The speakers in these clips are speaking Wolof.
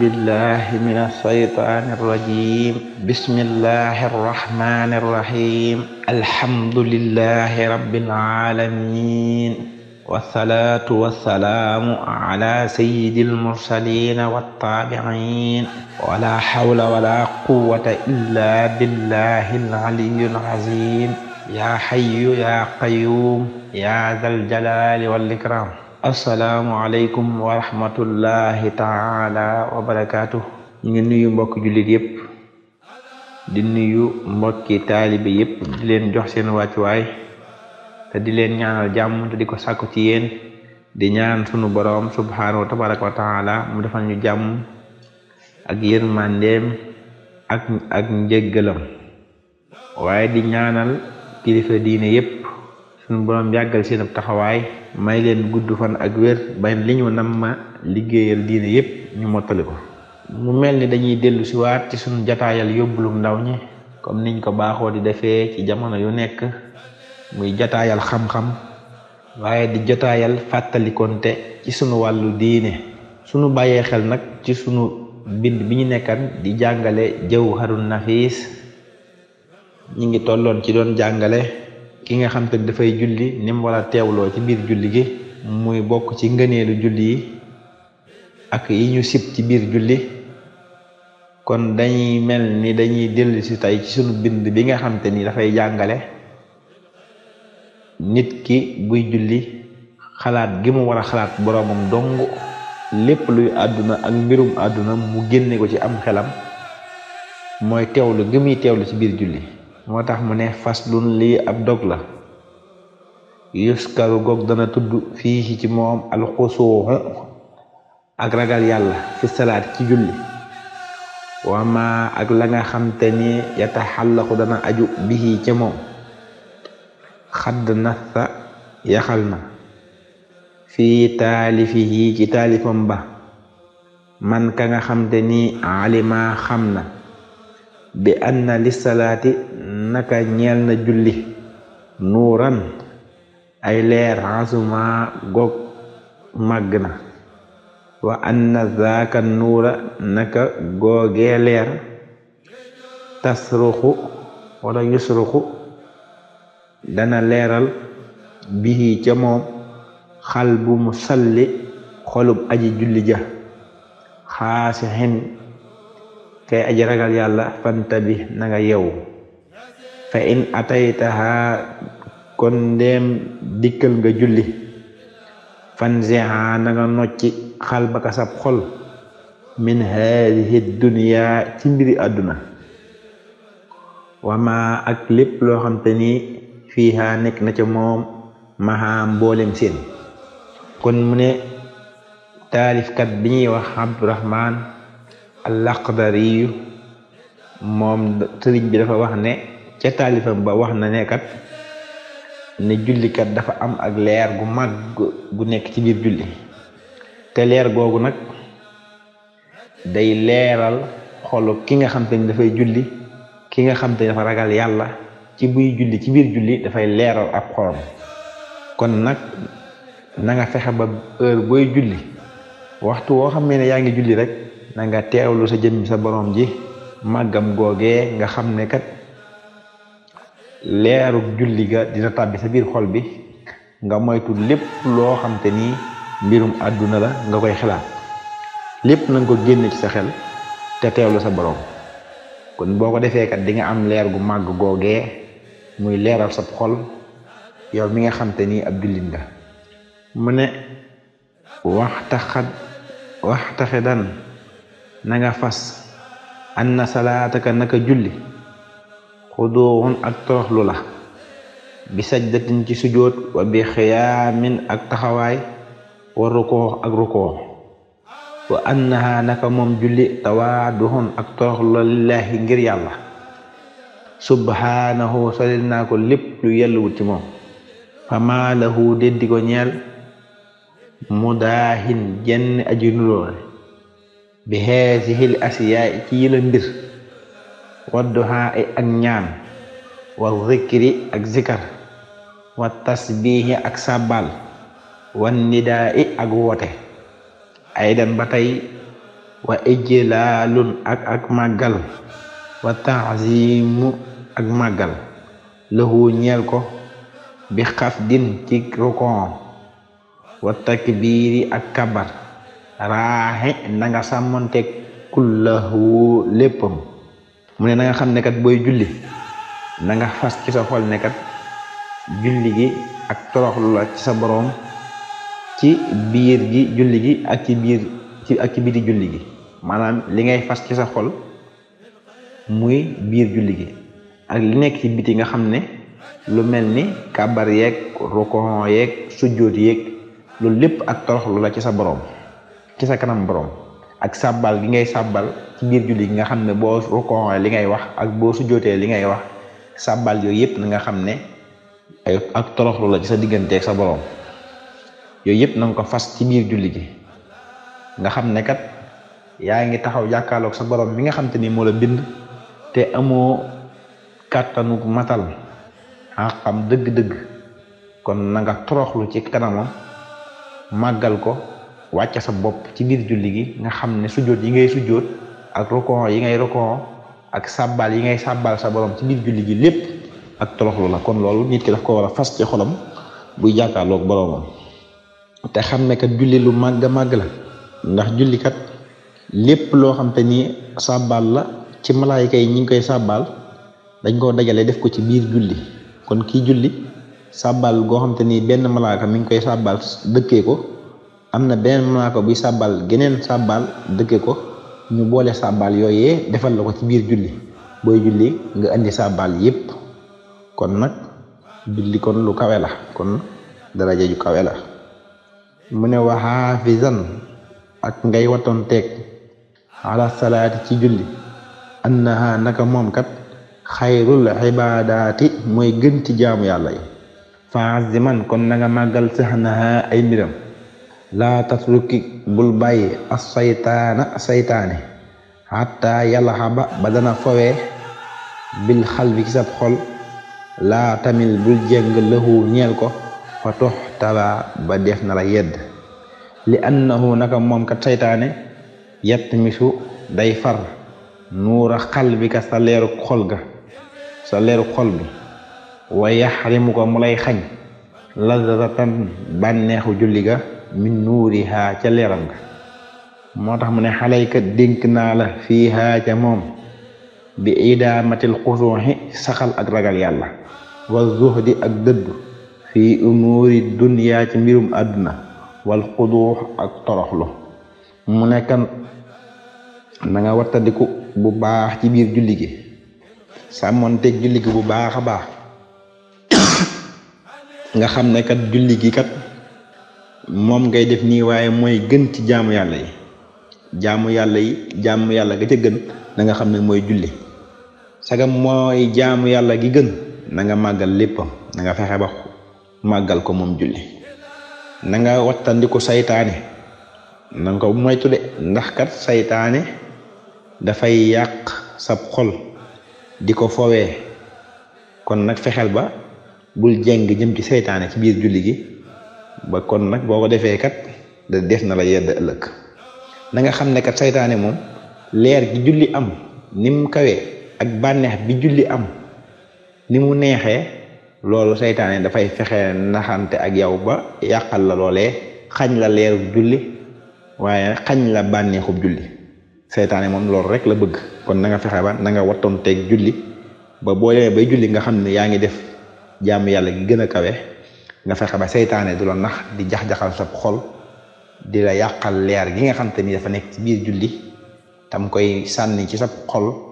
بالله من الشيطان الرجيم بسم الله الرحمن الرحيم الحمد لله رب العالمين والصلاة والسلام على سيد المرسلين والتابعين ولا حول ولا قوة إلا بالله العلي العظيم يا حي يا قيوم يا ذا الجلال والإكرام asalaamualeykum wa rahmatullahi taala wa barakaatu ñu nuyu mbokki jullit yépp di nuyu mbokki taalibe yépp di leen jox seen wàccuwaay te di leen ñaanal jàmm te di ko sàkku ci yéen di ñaan sunu boroom subhaanahu tabaraka wa taala mu defal ñu jàmm ak yërmandeem ak ak njëggalam waaye di ñaanal kilifa diine yépp suñu boroom yàggal seen ab taxawaay may leen gudd fan ak wér ba li ñu nam ma liggéeyal diine yépp ñu mottali ko mu mel ni dañuy dellusiwaat ci suñu jataayal yóbbulum ndaw ñi comme niñ ko baaxoo di defee ci jamono yu nekk muy jataayal xam-xam waaye di jotaayal fàttalikoonte ci sunu wàllu diine sunu bàyyee xel nag ci suñu bind bi ñu nekkan di jàngale jawharun nafiis ñu ngi tolloon ci doon jàngale ki nga xam ni dafay julli ni mu war a teewloo ci biir julli gi muy bokk ci ngëneelu julli yi ak yi ñu sib ci biir julli kon dañuy mel ni dañuy dellu si tey ci sunu bind bi nga xam ni dafay jàngale nit ki buy julli xalaat gi mu war a xalaat boroomam dong lépp luy àdduna ak mbirum àdduna mu génne ko ci am xelam mooy teewlu gi muy teewlu ci biir julli moo tax mu ne faslun lii ab dog la yuskaru goog dana tudd fii ci moom alxusuuxu ak ragal yàlla fi salaat ci julli wama ak la nga xam te ni yataxallaku dana aju bihi ca moom xadd nasa yaxal na fii taalifihi ci taalifam ba man ka nga xam te ni alima xam na bi anna li salaati naka ñeel na julli nuuran ay leer xasuma goog màgg na wa anna zaaka nuura naka googee leer tasruxu wala yusruxu dana leeral bihi ca moom xal bu musalli xolub aji julli ja xaasixin kay aji ragal yàlla fanta bi na nga fa in ataytaha kon ndeem dikkal nga julli fanziha na nga nocci xal baka sab xol min haadihi dunya ci mbiri àdduna wama ak lépp loo xam te ni fiiha nekk na ca moom maha mboolem seen kon mu ne taalifkat bi ñuy wax abdurahman al aqdariyu moom sëriñ bi dafa wax ne ca taalifam ba wax na ne kat ne jullikat dafa am ak leer gu màgg gu nekk ci biir julli te leer googu nag day leeral xolu ki nga xam te ni dafay julli ki nga xam te ni dafa ragal yàlla ci buy julli ci biir julli dafay leeral ab xolam kon nag nanga fexe ba heure booy julli waxtu woo xam ne yaa ngi julli rek na nga teewlu sa jëmm sa borom ji màggam googee nga xam ne kat leeru julli ga dina tàbbi sa biir xol bi nga moy moytu lépp loo xam te ni mbirum àdduna la nga koy xalaat lépp na nga ko génne ci sa xel te teewlu sa borom kon boo ko defee kat di nga am leer gu màgg googee muy leeral sab xol yow mi nga xam te ni ab jullit nga mu ne waxtaxat waxtaxidan na nga fas na anna salaataka naka julli xuduuxun ak toroxlu la bi sajdatin ci sujoot wa bi xiyaamin ak taxawaay wa rukoox ak rukoox wa annaha naka moom julli tawaaduxun ak toroxlu la lillaahi ngir yàlla subhaanahu solil naa lépp lu yelluwut ci moom fama lahu déddi ko ñeel mudaahin jenn aji nuloole bi xeesihil asiyaa ci yila mbir wa duhaa e ak ñaan wa zikri ak zikar wa tasbihi ak sàbbal wa nidaai ak woote aydan ba tey wa ijlalun ak ak màggal wa taazimu ak màggal lahu ñeel ko bi xafdin ci rukon wa takbiiri ak kabar raaxe na nga sàmmonte kullahu léppam mu ne nanga xam ne kat booy julli na fas ci sa xol ne julli gi ak toroxlu la ci sa boroom ci biir gi julli gi ak ci biir ci ak ci biiri julli gi maanaam li ngay fas ci sa xol muy biir julli gi ak li nekk ci biti nga xam ne lu mel ni kàbbar yeeg rokon yeeg sujjóot yeeg loolu lépp ak toroxlu la ci sa boroom ci sa kanam boroom ak sàbbal gi ngay sàbbal ci biir julli gi nga xam ne boo rukoon li ngay wax ak boo sujjootee li ngay wax sàbbal yooyu yépp na nga xam ne ak toroxlu la ci sa diggante sa boroom yooyu yëpp na nga ko fas ci biir julli gi nga xam ne kat yaa ngi taxaw jàkkaarlook sa boroom mi nga xam te ni moo la bind te amoo kàttanu matal xam dëgg-dëgg kon na nga toroxlu ci kanamam màggal ko wàcce sa bopp ci biir julli gi nga xam ne sujjóot yi ngay sujjóot ak rokon yi ngay rokon ak sàbbaal yi ngay sàbbaal sa borom ci biir julli gi lépp ak toroxlu la kon loolu nit ki daf ko war a fas ci xolam buy jàkkaarloog boromam te xam ne kat julli lu màgg màgg la ndax julli kat lépp loo xam te ni sàbbaal la ci malaayika yi ñi ngi koy sàbbaal dañ koo dajalee def ko ci biir julli kon kii julli sàbbaal goo xam te ni benn malaaka mi ngi koy sàbbaal dëkkee ko am na beneen malaaka buy sàbbal geneen sàbbal dëkke ko ñu boole sàbbal yooyee defal la ko ci biir julli booy julli nga indi sàbbal yépp kon nag julli kon lu kawe la kon daraja ju kawe la mu ne wa ak ngay watoon teeg ala salaati ci julli annaha naka moom kat xayrul ibaadaati mooy gën ci jaamu yàlla yi fa aziman kon na nga màggal saxnaha ay mbiram laa tatruki bul bàyyi as saytaana saytaane xataa yàlla xaba ba dana fowee bil xal bi ci sab xol laa tamil bul jeng lëxu ñeel ko fa tox taba ba def na la yedd li annahu naka moom kat saytaane yett misu day far nuur xal bi ka sa leeru xol ga sa leeru xol bi wa yaxrimu ko mu lay xañ lazatan bànneexu julli ga min nuuriha ca leeram nga moo tax mu ne xalayka dénk naa la fiiha ca moom bi idaamatil xusuuxi saxal ak ragal yàlla wa zuhdi ak dëddu fii umuuri dunya ci mbirum àdduna wal xuduux ak toroxlu mu nekkan na nga wattandiku bu baax ci biir julli gi sàmmoon teeg julli gi bu baax a baax nga xam ne kat julli gi kat moom ngay def nii waaye mooy gën ci jaamu yàlla yi jaamu yàlla yàlla ga ca gën na nga xam ne mooy julli sagam mooy jaamu yàlla gi gën na nga màggal léppam na nga fexe ba màggal ko moom julli na nga wattandiku seytaane na nga ko moytu de ndax kat seytaane dafay yàq sab xol di ko fowee kon nag fexeel ba bul jeng jëm ci seytaane ci biir julli gi ba kon nag boo ko defee kat da des na la yedd ëllëg na nga xam ne kat seytaane moom leer julli am ni kawee ak bànneex bi julli am ni mu neexee loolu seytaane dafay fexe naxante ak yow ba yàqal la loole xañ la leer julli waaye xañ la bànneexub julli saytaane moom loolu rek la bëgg kon nanga fexe ba na nga wattoon teeg julli ba boo demee bay julli nga xam ne yaa ngi def jàmm yàlla gi gën a kawe nga fexe ba seytaane du la nax di jax-jaxal sab xol di la yàqal leer gi nga xam ni dafa nekk ci biir julli tam koy sànni ci sab xol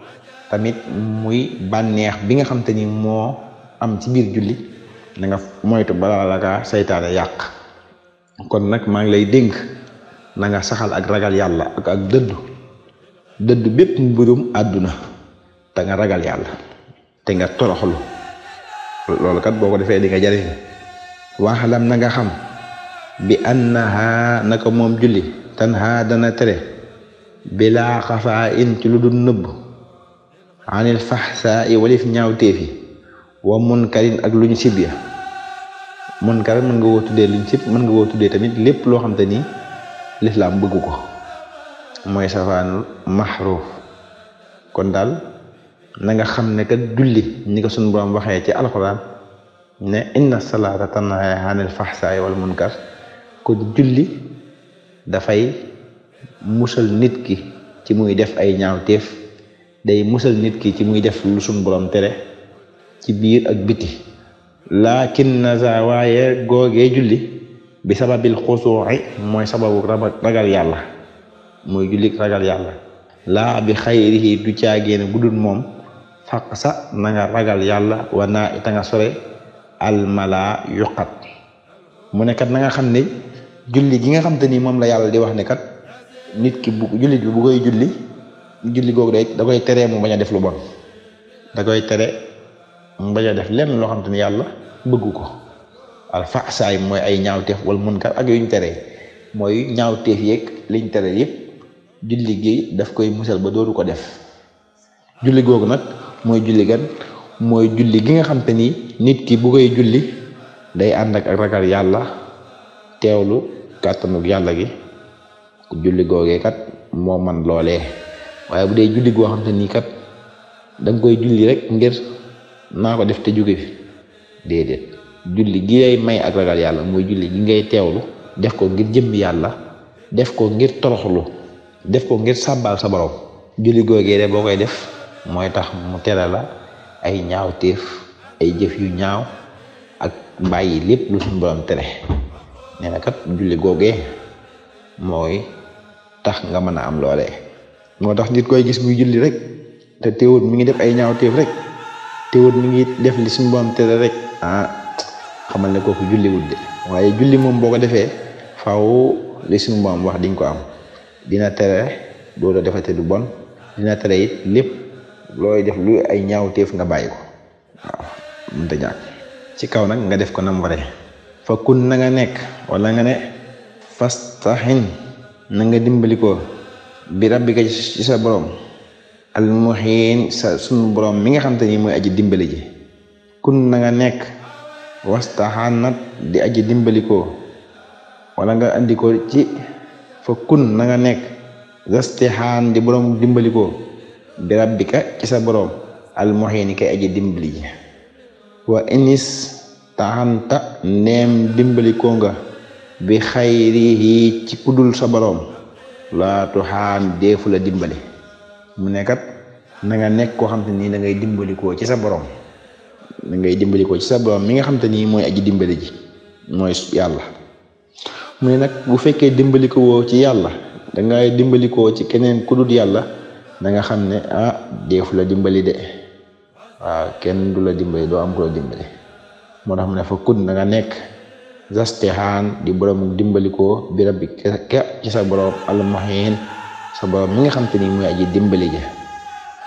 tamit muy bànneex bi nga xam ni moo am ci biir julli da nga moytu balaa la seytaane yàq kon nag maa ngi lay dénk na nga saxal ak ragal yàlla ak ak dëddu dëddu bépp mbirum àdduna danga ragal yàlla te nga toroxlu loolu kat boo ko defee di jariñ waxalam na nga xam bi annaha naka moom julli tanha dana tere bilaa xafaa in ci lu dul nëbb anil faxsaa i walif ñaaw téefi wa munkarin ak lu ñu sib ya munkar mën nga woo tuddee luñ sib mën nga woo tuddee tamit lépp loo xam te ni lislaam bëgg ko mooy safaanul maxruuf kon daal na nga xam ne kat julli ñi ko sunu borom waxee ci alxuraan ne inna salaata tanhaa anil fahsaa'i wal munkar ko julli dafay musal nit ki ci muy def ay ñaawteef day musal nit ki ci muy def lu suñ tere ci biir ak biti laakin naza waaye googee julli bi sababil xusuuxi mooy sababu ragal yàlla mooy julli ragal yàlla laa bi xayrihi du caagéene bu dul moom faq sa na ragal yàlla wa naa ita sore almala yuqat mu ne na nga xam ne julli gi nga xam ni moom la yàlla di wax ne kat nit ki bu jullit bi bu koy julli julli googu day da teree mu bañ a def lu bon da koy tere mu a def lenn loo xam te ni yàlla bëggu ko al faxsaay mooy ay ñaawteef wala munkar ak yuñ tere mooy ñaawteef yeeg liñ tere yëpp julli gi daf koy musal ba dooru ko def julli googu nag mooy julli gan mooy julli gi nga xam te ni nit ki bu koy julli day ànd ak ragal yàlla teewlu kàttanug yàlla gi julli googee kat moo man loolee waaye bu dee julli goo xam te ni kat danga koy julli rek ngir naa ko def te jóge fi déedéet julli gi lay may ak ragal yàlla mooy julli gi ngay teewlu def ko ngir jëmm yàlla def ko ngir toroxlu def ko ngir sàbbaal sa borom julli googee de boo koy def mooy tax mu tere la ay ñaawteef ay jëf yu ñaaw ak bàyyi lépp lu suñu tere nee na kat julli googee mooy tax nga mën a am loolee moo tax nit koy gis muy julli rek te teewut mi ngi def ay ñaawteef rek teewut mi ngi def li suñu borom tere rek ah xamal ne kooku julliwul de waaye julli moom boo ko defee faaw li suñu borom wax diñ ko am dina tere doo defate du bon dina tere lépp looy def lu ay ñaawteef nga bàyyi ko waaw mënta ñàkk ci kaw nag nga def ko nam waree fa kun na nekk walla nga ne fastaxin na nga dimbali ko bi rabbika ci sa borom al sa sunu borom mi nga xam te ni mooy aji dimbali ji kun nanga nekk nekk wastaxanat di aji dimbali ko wala nga andi ci fa kun na nga nekk zastixaan di borom dimbali ko bi rabbika ci sa boroom almuhini kay aji dimbali wa inis taxanta neem dimbali ko nga bi xayrihi ci kudul sa boroom laatu xaan deefu la dimbali mu nekkat na nekk koo xam nii dangay ngay dimbali koo ci sa boroom mu ngay dimbali ci sa boroom mi nga xam te nii mooy aji dimbali ji mooy yàlla mu ne nag bu fekkee dimbali ko ci yàlla dangay dimbali koo ci keneen kudul yàlla na nga xam ne ah deefu la dimbali de waaw kenn du la dimbali doo am ko la dimbali moo tax mu ne fa kun na nekk zastehaan di borom dimbali ko bi rabbi ci sa borom almuhin sa borom mi nga xam te ni muy aji dimbali ja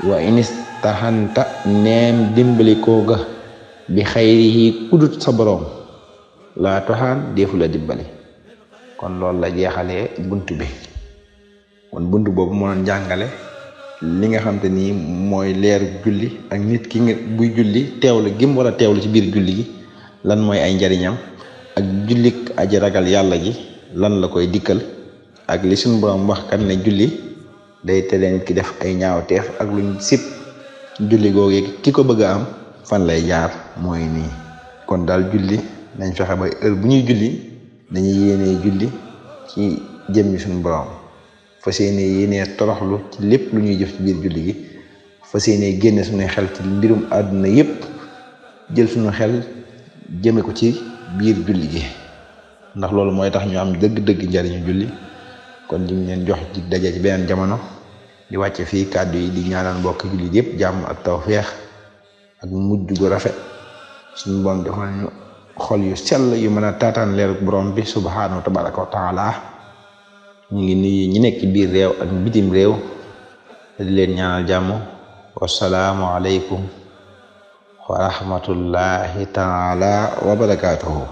wa inistahanta neem dimbali koo bi xayrihi kudut sa laa toxaan deefu la dimbali kon loolu la jeexale bunt bi kon bunt boobu moo doon jàngale li nga xam te ni mooy leer julli ak nit ki nga buy julli teewlu gim war teew teewlu ci biir julli gi lan mooy ay njariñam ak jullik aji yàlla gi lan la koy dikkal ak li suñu borom wax kan ne julli day tere nit ki def ay ñaawteef ak lu sib julli googee ki ko bëgg a am fan lay jaar mooy nii kon daal julli nañ fexe ba heure bu ñuy julli dañuy yéenee julli ci jëmmi ñi suñu borom fas yéene yéene toroxlu ci lépp lu ñuy jëf ci biir julli gi fa yéene génne suñuy xel ci mbirum àdduna yépp jël suñu xel jëme ko ci biir julli gi ndax loolu mooy tax ñu am dëgg-dëgg njariñu julli kon ñu ngi leen jox ci daje ci beneen jamono di wàcce fii kàddu yi di ñaanal mbokk jullit yépp jàmm ak tawféex ak mujj gu rafet suñu borom xol yu sell yu mën a taataan leer borom bi subhaanahu wa tabaraka wa taala ñu ngi nuyu ñi nekk biir réew ak bitim réew di leen ñaanal jàmm wasalaamu aleykum wa rahmatullahi